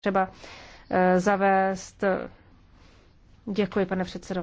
třeba eh, zavést. Děkuji, pane předsedo.